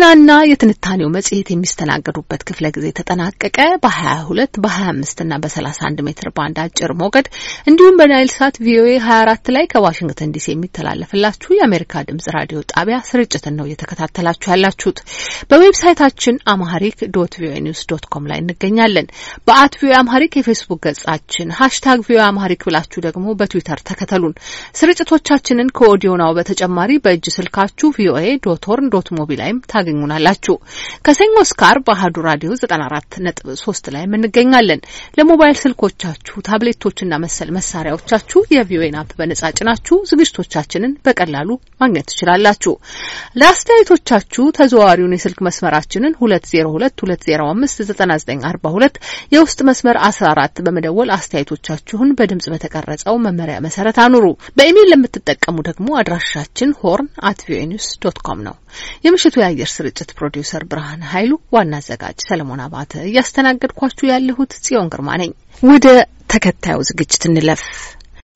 ዜናና የትንታኔው መጽሔት የሚስተናገዱበት ክፍለ ጊዜ ተጠናቀቀ። በ22 በ25 እና በ31 ሜትር ባንድ አጭር ሞገድ እንዲሁም በናይል ሳት ቪኦኤ 24 ላይ ከዋሽንግተን ዲሲ የሚተላለፍላችሁ የአሜሪካ ድምጽ ራዲዮ ጣቢያ ስርጭትን ነው እየተከታተላችሁ ያላችሁት። በዌብሳይታችን አማሪክ ዶት ቪኦኤ ኒውስ ዶት ኮም ላይ እንገኛለን። በአት ቪኦኤ አማሪክ የፌስቡክ ገጻችን ሀሽታግ ቪኦኤ አማሪክ ብላችሁ ደግሞ በትዊተር ተከተሉን። ስርጭቶቻችንን ከኦዲዮናው በተጨማሪ በእጅ ስልካችሁ ቪኦኤ ዶት ሆርን ዶት ሞቢ ላይም ታገ ታገኙናላችሁ። ከሰኞ እስከ አርብ አሀዱ ራዲዮ 94.3 ላይ እንገኛለን። ለሞባይል ስልኮቻችሁ ታብሌቶችና መሰል መሳሪያዎቻችሁ የቪኦኤን አፕ በነጻ ጭናችሁ ዝግጅቶቻችንን በቀላሉ ማግኘት ትችላላችሁ። ለአስተያየቶቻችሁ ተዘዋዋሪውን የስልክ መስመራችንን 2022059942 የውስጥ መስመር 14 በመደወል አስተያየቶቻችሁን በድምጽ በተቀረጸው መመሪያ መሰረት አኑሩ። በኢሜይል ለምትጠቀሙ ደግሞ አድራሻችን ሆርን አት ቪኦኤ ኒውስ ዶት ኮም ነው። የምሽቱ የአየር ስርጭት ፕሮዲውሰር ብርሃን ኃይሉ፣ ዋና አዘጋጅ ሰለሞን አባተ፣ እያስተናገድኳችሁ ያለሁት ጽዮን ግርማ ነኝ። ወደ ተከታዩ ዝግጅት እንለፍ።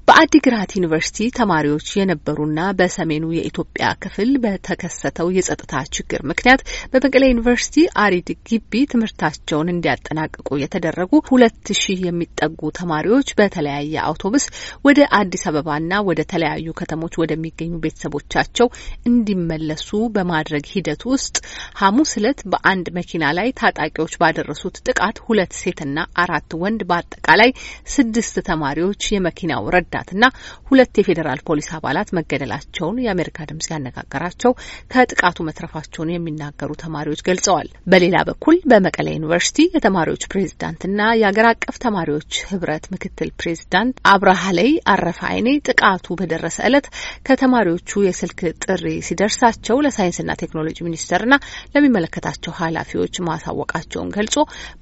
በአዲግራት ዩኒቨርሲቲ ተማሪዎች የነበሩና በሰሜኑ የኢትዮጵያ ክፍል በተከሰተው የጸጥታ ችግር ምክንያት በመቀሌ ዩኒቨርሲቲ አሪድ ግቢ ትምህርታቸውን እንዲያጠናቅቁ የተደረጉ ሁለት ሺህ የሚጠጉ ተማሪዎች በተለያየ አውቶቡስ ወደ አዲስ አበባና ወደ ተለያዩ ከተሞች ወደሚገኙ ቤተሰቦቻቸው እንዲመለሱ በማድረግ ሂደት ውስጥ ሐሙስ እለት በአንድ መኪና ላይ ታጣቂዎች ባደረሱት ጥቃት ሁለት ሴትና አራት ወንድ በአጠቃላይ ስድስት ተማሪዎች የመኪናው ረዳ ረዳትና ሁለት የፌዴራል ፖሊስ አባላት መገደላቸውን የአሜሪካ ድምጽ ያነጋገራቸው ከጥቃቱ መትረፋቸውን የሚናገሩ ተማሪዎች ገልጸዋል። በሌላ በኩል በመቀለ ዩኒቨርሲቲ የተማሪዎች ፕሬዝዳንትና የአገር አቀፍ ተማሪዎች ህብረት ምክትል ፕሬዝዳንት አብርሃላይ አረፈ አይኔ ጥቃቱ በደረሰ ዕለት ከተማሪዎቹ የስልክ ጥሪ ሲደርሳቸው ለሳይንስና ቴክኖሎጂ ሚኒስቴርና ለሚመለከታቸው ኃላፊዎች ማሳወቃቸውን ገልጾ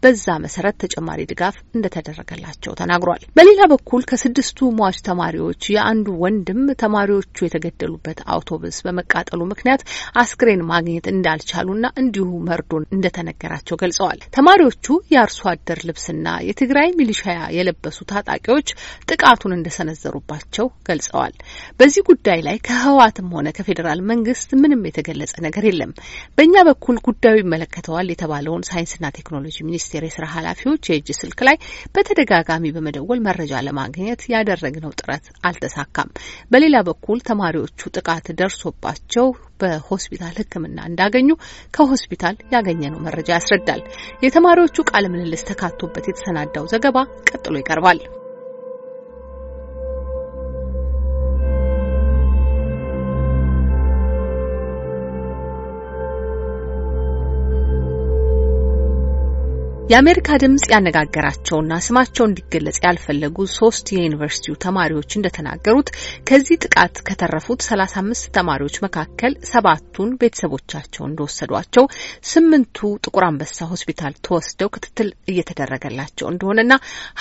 በዛ መሰረት ተጨማሪ ድጋፍ እንደተደረገላቸው ተናግሯል። በሌላ በኩል ከስድስቱ ሟች ተማሪዎች የአንዱ ወንድም ተማሪዎቹ የተገደሉበት አውቶቡስ በመቃጠሉ ምክንያት አስክሬን ማግኘት እንዳልቻሉና እንዲሁ መርዶን እንደተነገራቸው ገልጸዋል። ተማሪዎቹ የአርሶ አደር ልብስና የትግራይ ሚሊሻያ የለበሱ ታጣቂዎች ጥቃቱን እንደሰነዘሩባቸው ገልጸዋል። በዚህ ጉዳይ ላይ ከህወሓትም ሆነ ከፌዴራል መንግስት ምንም የተገለጸ ነገር የለም። በእኛ በኩል ጉዳዩ ይመለከተዋል የተባለውን ሳይንስና ቴክኖሎጂ ሚኒስቴር የስራ ኃላፊዎች የእጅ ስልክ ላይ በተደጋጋሚ በመደወል መረጃ ለማግኘት ያደረግነው ያደረግነው ጥረት አልተሳካም። በሌላ በኩል ተማሪዎቹ ጥቃት ደርሶባቸው በሆስፒታል ሕክምና እንዳገኙ ከሆስፒታል ያገኘነው መረጃ ያስረዳል። የተማሪዎቹ ቃለ ምልልስ ተካቶበት የተሰናዳው ዘገባ ቀጥሎ ይቀርባል። የአሜሪካ ድምጽ ያነጋገራቸውና ስማቸው እንዲገለጽ ያልፈለጉ ሶስት የዩኒቨርሲቲው ተማሪዎች እንደተናገሩት ከዚህ ጥቃት ከተረፉት ሰላሳ አምስት ተማሪዎች መካከል ሰባቱን ቤተሰቦቻቸው እንደወሰዷቸው፣ ስምንቱ ጥቁር አንበሳ ሆስፒታል ተወስደው ክትትል እየተደረገላቸው እንደሆነና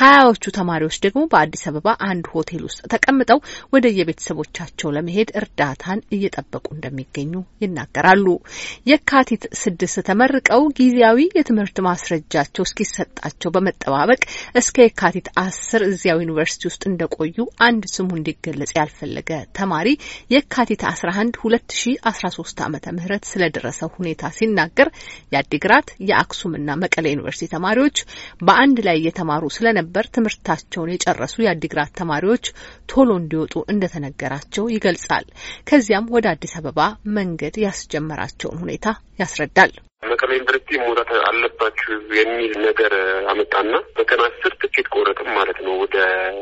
ሀያዎቹ ተማሪዎች ደግሞ በአዲስ አበባ አንድ ሆቴል ውስጥ ተቀምጠው ወደ የቤተሰቦቻቸው ለመሄድ እርዳታን እየጠበቁ እንደሚገኙ ይናገራሉ። የካቲት ስድስት ተመርቀው ጊዜያዊ የትምህርት ማስረጃ መብታቸው እስኪሰጣቸው በመጠባበቅ እስከ የካቲት አስር እዚያው ዩኒቨርሲቲ ውስጥ እንደቆዩ አንድ ስሙ እንዲገለጽ ያልፈለገ ተማሪ የካቲት አስራ አንድ ሁለት ሺ አስራ ሶስት አመተ ምህረት ስለደረሰው ሁኔታ ሲናገር የአዲግራት የአክሱምና መቀሌ ዩኒቨርሲቲ ተማሪዎች በአንድ ላይ እየተማሩ ስለነበር ትምህርታቸውን የጨረሱ የአዲግራት ተማሪዎች ቶሎ እንዲወጡ እንደተነገራቸው ይገልጻል። ከዚያም ወደ አዲስ አበባ መንገድ ያስጀመራቸውን ሁኔታ ያስረዳል። መቀሌ ዩኒቨርሲቲ መውጣት አለባችሁ የሚል ነገር አመጣና በቀን አስር ትኬት ቆረጥም ማለት ነው። ወደ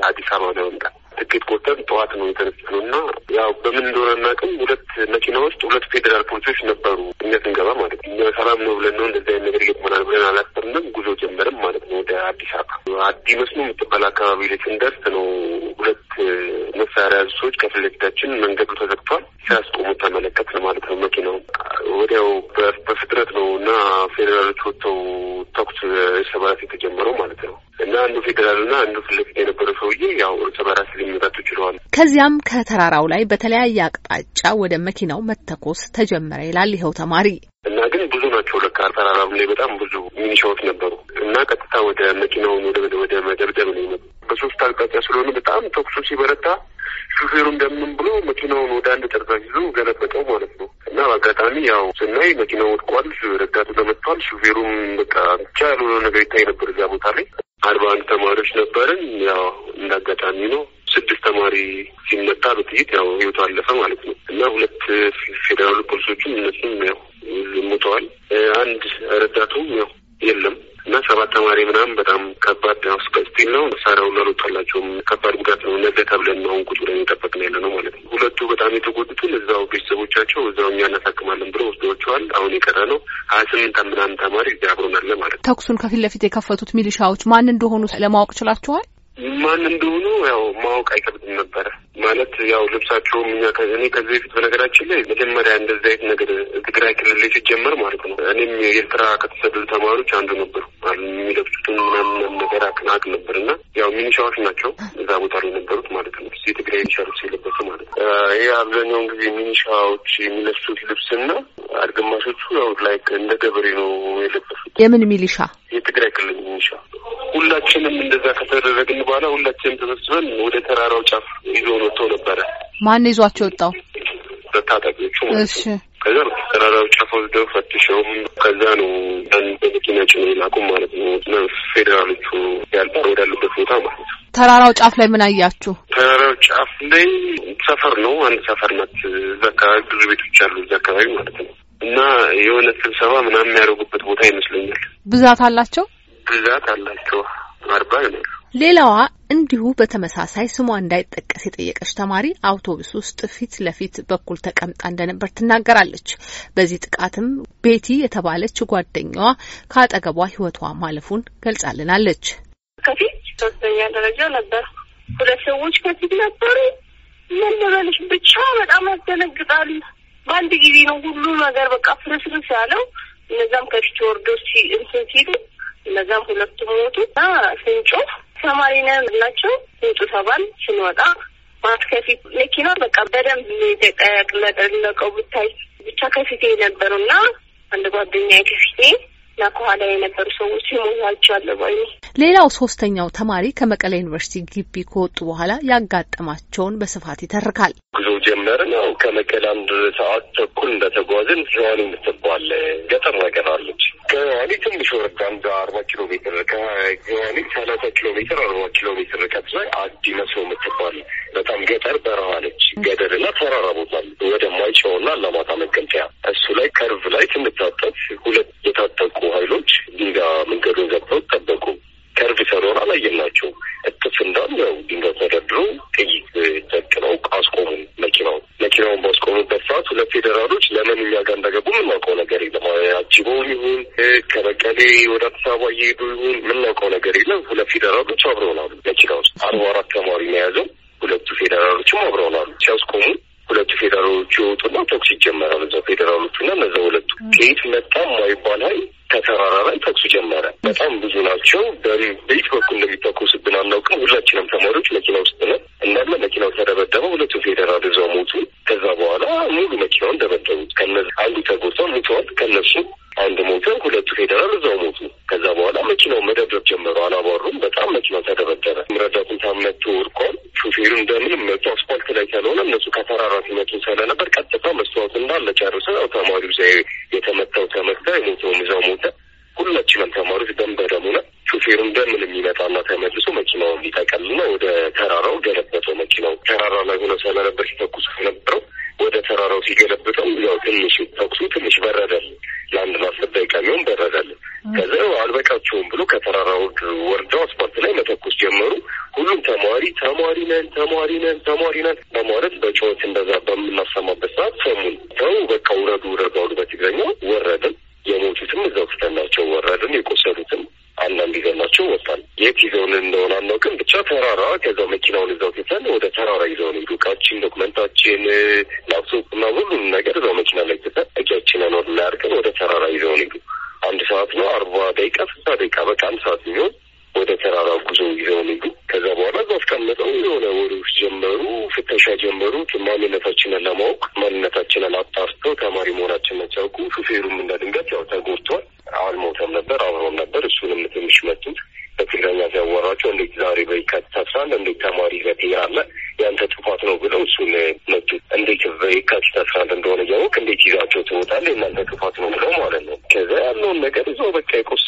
አዲስ አበባ ለመምጣት ትኬት ቆርጠን ጠዋት ነው የተነሳነው እና ያው በምን እንደሆነ እናቅም ሁለት መኪና ውስጥ ሁለት ፌዴራል ፖሊሶች ነበሩ። እኛ ስንገባ ማለት ነው ሰላም ነው ብለን ነው እንደዚህ አይነት ነገር ይገጥመናል ብለን አላሰብንም። ጉዞ ጀመርም ማለት ነው ወደ አዲስ አበባ አዲ መስኖ የምትባል አካባቢ ላይ ስንደርስ ነው ሁለት መሳሪያ ሰዎች ከፊት ለፊታችን መንገዱ ተዘግቷል። ሲያስቆሙ ተመለከት ነው ማለት ነው። መኪናው ወዲያው በፍጥነት ነው እና ፌዴራሎች ወጥተው ተኩስ እርስ በርስ የተጀመረው ማለት ነው እና አንዱ ፌዴራል እና አንዱ ፊት ለፊት የነበረው ሰውዬ ያው እርስ በርስ ሊመታቱ ችለዋል። ከዚያም ከተራራው ላይ በተለያየ አቅጣጫ ወደ መኪናው መተኮስ ተጀመረ ይላል ይኸው ተማሪ እና ግን ብዙ ናቸው ለካ ተራራም ላይ በጣም ብዙ ሚኒሻዎች ነበሩ እና ቀጥታ ወደ መኪናውን ወደ መደብደብ ነው ይመጡ በሶስት አቅጣጫ ስለሆነ በጣም ተኩሱ ሲበረታ ሹፌሩ እንደምን ብሎ መኪናውን ወደ አንድ ጠርዛ ይዞ ገለበጠው ማለት ነው። እና በአጋጣሚ ያው ስናይ መኪናው ወድቋል፣ ረዳቱ ተመቷል። ሹፌሩም በቃ ብቻ ያልሆነ ነገር ይታይ ነበር እዚያ ቦታ ላይ አርባ አንድ ተማሪዎች ነበርን። ያው እንደ አጋጣሚ ነው ስድስት ተማሪ ሲመታ በጥይት ያው ህይወቱ አለፈ ማለት ነው እና ሁለት ፌዴራሉ ፖሊሶችም እነሱም ያው ሞተዋል። አንድ ረዳቱም ያው የለም እና ሰባት ተማሪ ምናምን በጣም ከባድ ሆስፒታል ነው። መሳሪያው ላልወጣላቸውም ከባድ ጉዳት ነው። ነገ ተብለን አሁን ቁጭ ብለን የጠበቅን ያለ ነው ማለት ነው። ሁለቱ በጣም የተጎዱትን እዛው ቤተሰቦቻቸው እዛው እኛ እናሳክማለን ብሎ ወስደዋቸዋል። አሁን የቀረ ነው ሀያ ስምንት ምናምን ተማሪ እዚ አብሮናለ ማለት ነው። ተኩሱን ከፊት ለፊት የከፈቱት ሚሊሻዎች ማን እንደሆኑ ለማወቅ ችላቸዋል? ማን እንደሆኑ ያው ማወቅ አይከብድም ነበረ ማለት ያው ልብሳቸውም እኛ እኔ ከዚህ በፊት በነገራችን ላይ መጀመሪያ እንደዚህ አይነት ነገር ትግራይ ክልል ላይ ሲጀመር ማለት ነው እኔም የኤርትራ ከተሰደዱ ተማሪዎች አንዱ ነበሩ። የሚለብሱትን ምናምን ነገር አቅናቅ ነበር እና ያው ሚኒሻዎች ናቸው እዛ ቦታ ላይ ነበሩት ማለት ነው። የትግራይ ሚኒሻ ልብስ የለበሱ ማለት ነው። ይህ አብዛኛውን ጊዜ ሚኒሻዎች የሚለብሱት ልብስና አድግማሾቹ ያው ላይክ እንደ ገበሬ ነው የለበሱት። የምን ሚሊሻ? የትግራይ ክልል ሚኒሻ ሁላችንም እንደዛ ከተደረግን በኋላ ሁላችንም ተሰብስበን ወደ ተራራው ጫፍ ይዞ ወጥቶ ነበረ። ማን ይዟቸው ወጣው? ታጣቂዎቹ ማለት ነው። ከዛ ተራራው ጫፍ ወስደው ፈትሸውም ከዛ ነው ን በመኪና ጭኖ ላቁም ማለት ነው። ፌዴራሎቹ ያልባ ወዳሉበት ቦታ ማለት ነው። ተራራው ጫፍ ላይ ምን አያችሁ? ተራራው ጫፍ ላይ ሰፈር ነው። አንድ ሰፈር ናት። እዛ አካባቢ ብዙ ቤቶች አሉ፣ እዛ አካባቢ ማለት ነው። እና የሆነ ስብሰባ ምናምን የሚያደርጉበት ቦታ ይመስለኛል። ብዛት አላቸው ብዛት አላቸው። አርባ ይሆናሉ። ሌላዋ እንዲሁ በተመሳሳይ ስሟ እንዳይጠቀስ የጠየቀች ተማሪ አውቶቡስ ውስጥ ፊት ለፊት በኩል ተቀምጣ እንደነበር ትናገራለች። በዚህ ጥቃትም ቤቲ የተባለች ጓደኛዋ ከአጠገቧ ሕይወቷ ማለፉን ገልጻልናለች። ከፊት ሶስተኛ ደረጃ ነበር። ሁለት ሰዎች ከፊት ነበሩ። ምን ብቻ በጣም ያስደነግጣል። በአንድ ጊዜ ነው ሁሉ ነገር በቃ ፍርስርስ ያለው። እነዛም ከፊት ወርዶ እንትን ሲሉ እነዛም ሁለቱ ሞቱ እና ስንጮህ ተማሪ ነን ብላቸው ስንጩ ተባል ስንወጣ ማት ከፊት መኪና በቃ በደንብ የተቀለጠለቀው ብታይ ብቻ ከፊቴ ነበሩ ነበሩና አንድ ጓደኛ ከፊቴ እና ከኋላ የነበሩ ሰዎች ይሞዋጃለ ወይ። ሌላው ሶስተኛው ተማሪ ከመቀሌ ዩኒቨርሲቲ ግቢ ከወጡ በኋላ ያጋጠማቸውን በስፋት ይተርካል። ጉዞ ጀመርን። ያው ከመቀሌ አንድ ሰዓት ተኩል እንደተጓዝን ሸዋኒ የምትባል ገጠር ነገር አለች። ከዋኒ ትንሽ ወረድ አንድ አርባ ኪሎ ሜትር ከዋኒ ሰላሳ ኪሎ ሜትር አርባ ኪሎ ሜትር ርቀት ላይ አዲ መስሎ የምትባል በጣም ገጠር በረሃ ነች። ገደልና ተራራ ቦታ ወደ ማይጨውና አላማጣ መገልጠያ እሱ ላይ ከርቭ ላይ ስንታጠፍ ሁለት የታጠቁ ኃይሎች ድንጋይ መንገዱን ገብተው ጠበቁ። ከርብ አላየም ናቸው እጥፍ እንዳለ ያው ድንጋይ ተደርድሮ ጥይት ዘቅነው አስቆሙን። መኪናውን መኪናውን ባስቆሙበት ሰዓት ሁለት ፌዴራሎች ለምን እኛ ጋር እንደገቡ የምናውቀው ነገር የለም። አጅበውን ይሁን ከመቀሌ ወደ አዲስ አበባ እየሄዱ ይሁን የምናውቀው ነገር የለም። ሁለት ፌዴራሎች አብረውናሉ። መኪና ውስጥ አርባ አራት ተማሪ የያዘው። ሁለቱ ፌዴራሎችም አብረውናሉ። ሲያስቆሙ ሁለቱ ፌዴራሎቹ የወጡና ተኩስ ይጀመራል። እዛ ፌዴራሎቹ እና እነዛ ሁለቱ ከየት መጣ ማይባል ሀይል ከተራራ ላይ ተኩሱ ጀመረ። በጣም ብዙ ናቸው። በየት በኩል እንደሚተኩስብን አናውቅም። ሁላችንም ተማሪዎች መኪና ውስጥ ነን። እንዳለ መኪናው ተደበደበ። ሁለቱ ፌዴራል እዛው ሞቱ። ከዛ በኋላ ሙሉ መኪናውን ደበደቡት። ከነ አንዱ ተጎድቷል፣ ሙተዋል። ከነሱ አንድ ሞተ። ሁለቱ ፌዴራል እዛው ሞቱ። ከዛ በኋላ መኪናው መደብደብ ጀመሩ። አላባሩም። በጣም መኪናው ተደበደበ። ረዳቱን ታመቱ ወድቋል። ሹፌሩ እንደምንም መቶ አስፓልት ላይ ስለሆነ እነሱ ከተራራ ሲመጡ ስለነበር ቀጥታ መስታወት እንዳለ ጨርሰ ያው ተማሪው ዛ የተመታው ተመታ፣ የሞተውም እዛው ሞተ። ሁላችንም ተማሪዎች ደም በደም ሆነ። ሹፌሩ እንደምን የሚመጣና ተመልሶ መኪናው ሊጠቀልና ወደ ተራራው ገለበጠው። መኪናው ተራራ ላይ ሆነ ስለነበር ሲተኩስ ነበረው ወደ ተራራው ሲገለብጠው ያው ትንሽ ተኩሱ ትንሽ በረዳል። ለአንድ ለአስር ደቂቃ የሚሆን በረዳል። ከዚ አልበቃቸውም ብሎ ከተራራው ወርደው አስፓልት ላይ መተኩስ ጀመሩ። ሁሉም ተማሪ ተማሪ ነን ተማሪ ነን ተማሪ ነን በማለት በጩኸት እንደዛ በምናሰማበት ሰዓት ሰሙን ተው በቃ ውረዱ ውረዱ አሉ በትግረኛ። ወረድን። የሞቱትም እዛው ትተናቸው ወረድን። የቆሰ አንዳንድ ይዘናቸው ወጣል። የት ይዘውን እንደሆነ አናውቅም፣ ብቻ ተራራ። ከዛ መኪናውን እዛው ትተን ወደ ተራራ ይዘውን ሄዱ። እቃችን፣ ዶክመንታችን፣ ላፕቶፕ እና ሁሉም ነገር እዛው መኪና ላይ ትተን እጃችን ኖር ላያርገን ወደ ተራራ ይዘውን ሄዱ። አንድ ሰዓት ነው አርባ ደቂቃ ስልሳ ደቂቃ በቃ አንድ ሰዓት የሚሆን ወደ ተራራ ጉዞ ይዘውን ሄዱ። ከዛ በኋላ እዛ አስቀምጠው የሆነ ወሬዎች ጀመሩ፣ ፍተሻ ጀመሩ። ማንነታችንን ለማወቅ ማንነታችንን አጣርተው ተማሪ መሆናችንን ሲያውቁ ሹፌሩም እንደ ድንገት ያው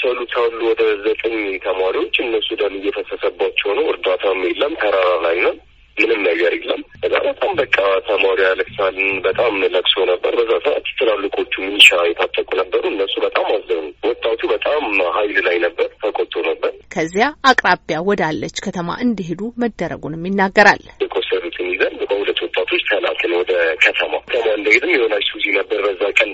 የመሳሰሉት አሉ ወደ ዘጠኝ ተማሪዎች እነሱ ደም እየፈሰሰባቸው ነው። እርዳታም የለም። ተራራ ላይ ነው። ምንም ነገር የለም። በዛ በጣም በቃ ተማሪ ያለቅሳልን በጣም ለቅሶ ነበር። በዛ ሰዓት ትላልቆቹ ሚሊሻ የታጠቁ ነበሩ። እነሱ በጣም አዘኑ። ወጣቱ በጣም ሀይል ላይ ነበር፣ ተቆጥቶ ነበር። ከዚያ አቅራቢያ ወዳለች ከተማ እንዲሄዱ መደረጉንም ይናገራል። የቆሰሉትን ይዘን በሁለት ወጣቶች ተላክን ወደ ከተማ። ከተማ እንደሄድም የሆነ ሱዚ ነበር በዛ ቀን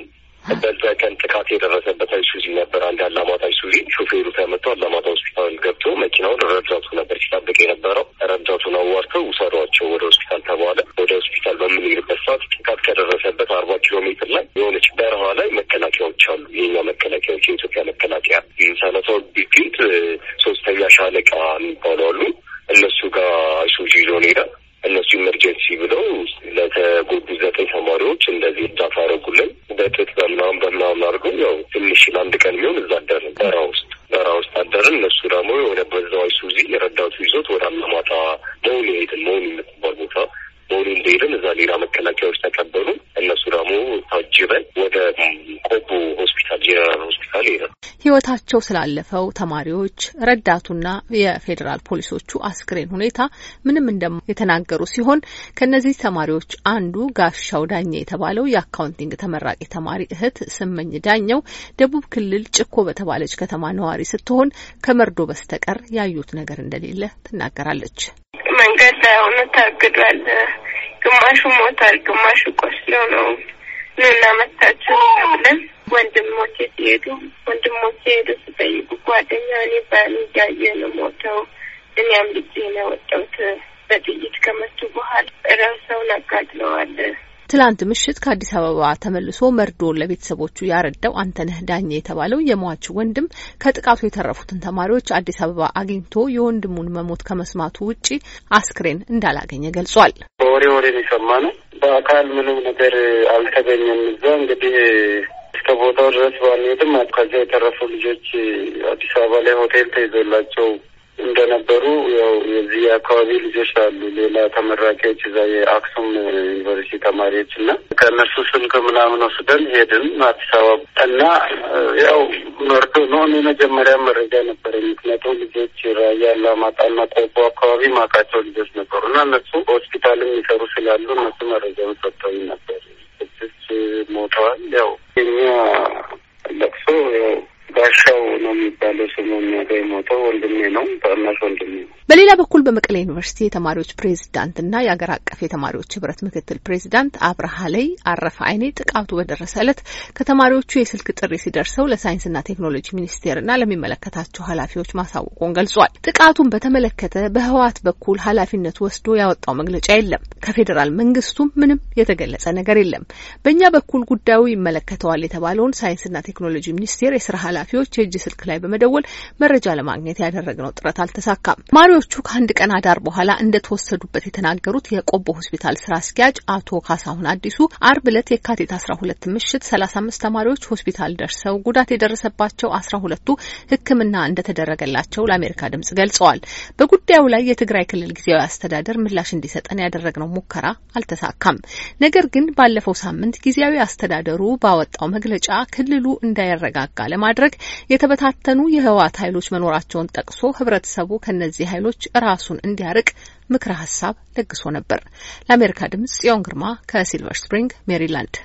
ህይወታቸው ስላለፈው ተማሪዎች ረዳቱና የፌዴራል ፖሊሶቹ አስክሬን ሁኔታ ምንም እንደ የተናገሩ ሲሆን ከእነዚህ ተማሪዎች አንዱ ጋሻው ዳኛ የተባለው የአካውንቲንግ ተመራቂ ተማሪ እህት ስመኝ ዳኘው ደቡብ ክልል ጭኮ በተባለች ከተማ ነዋሪ ስትሆን ከመርዶ በስተቀር ያዩት ነገር እንደሌለ ትናገራለች። መንገድ ላይ ሆነ ታግዷል። ግማሹ ሞታል። ግማሹ ቆስለው ነው ምን ብለን ወንድሞቼ ሲሄዱ ወንድሞቼ ሄዱ ሲጠይቁ ጓደኛ እኔ ባል እያየ ነው ሞተው፣ ነው በጥይት ከመቱ በኋላ ትላንት ምሽት ከአዲስ አበባ ተመልሶ መርዶ ለቤተሰቦቹ ያረዳው አንተነህ ዳኘ የተባለው የሟች ወንድም ከጥቃቱ የተረፉትን ተማሪዎች አዲስ አበባ አግኝቶ የወንድሙን መሞት ከመስማቱ ውጪ አስክሬን እንዳላገኘ ገልጿል። በወሬ ወሬ ነው በአካል ምንም ነገር አልተገኘም። እዛ እንግዲህ እስከ ቦታው ድረስ ባንሄድም ከዚያ የተረፉ ልጆች አዲስ አበባ ላይ ሆቴል ተይዞላቸው እንደነበሩ ያው የዚህ የአካባቢ ልጆች አሉ፣ ሌላ ተመራቂዎች እዛ የአክሱም ዩኒቨርሲቲ ተማሪዎች እና ከእነሱ ስልክ ምናምን ወስደን ሄድን አዲስ አበባ እና ያው መርቶ ነሆን የመጀመሪያ መረጃ ነበረ። ምክንያቱም ልጆች ራያ አላማጣና ቆቦ አካባቢ ማቃቸው ልጆች ነበሩ እና እነሱ ሆስፒታል የሚሰሩ ስላሉ እነሱ መረጃ ሰጡ። መቀሌ ዩኒቨርሲቲ የተማሪዎች ፕሬዚዳንትና የአገር አቀፍ የተማሪዎች ህብረት ምክትል ፕሬዚዳንት አብርሃ ላይ አረፈ አይኔ ጥቃቱ በደረሰ እለት ከተማሪዎቹ የስልክ ጥሪ ሲደርሰው ለሳይንስና ቴክኖሎጂ ሚኒስቴርና ለሚመለከታቸው ኃላፊዎች ማሳወቁን ገልጿል። ጥቃቱን በተመለከተ በህወሓት በኩል ኃላፊነት ወስዶ ያወጣው መግለጫ የለም። ከፌዴራል መንግስቱም ምንም የተገለጸ ነገር የለም። በእኛ በኩል ጉዳዩ ይመለከተዋል የተባለውን ሳይንስና ቴክኖሎጂ ሚኒስቴር የስራ ኃላፊዎች የእጅ ስልክ ላይ በመደወል መረጃ ለማግኘት ያደረግነው ጥረት አልተሳካም። ተማሪዎቹ ከአንድ ቀን ከህዳር በኋላ እንደተወሰዱበት የተናገሩት የቆቦ ሆስፒታል ስራ አስኪያጅ አቶ ካሳሁን አዲሱ አርብ ዕለት የካቲት አስራ ሁለት ምሽት ሰላሳ አምስት ተማሪዎች ሆስፒታል ደርሰው ጉዳት የደረሰባቸው አስራ ሁለቱ ሕክምና እንደተደረገላቸው ለአሜሪካ ድምጽ ገልጸዋል። በጉዳዩ ላይ የትግራይ ክልል ጊዜያዊ አስተዳደር ምላሽ እንዲሰጠን ያደረግነው ሙከራ አልተሳካም። ነገር ግን ባለፈው ሳምንት ጊዜያዊ አስተዳደሩ ባወጣው መግለጫ ክልሉ እንዳይረጋጋ ለማድረግ የተበታተኑ የህወሓት ኃይሎች መኖራቸውን ጠቅሶ ህብረተሰቡ ከነዚህ ኃይሎች ራሱን እንዲያርቅ ምክረ ሀሳብ ለግሶ ነበር። ለአሜሪካ ድምጽ ጽዮን ግርማ ከሲልቨር ስፕሪንግ ሜሪላንድ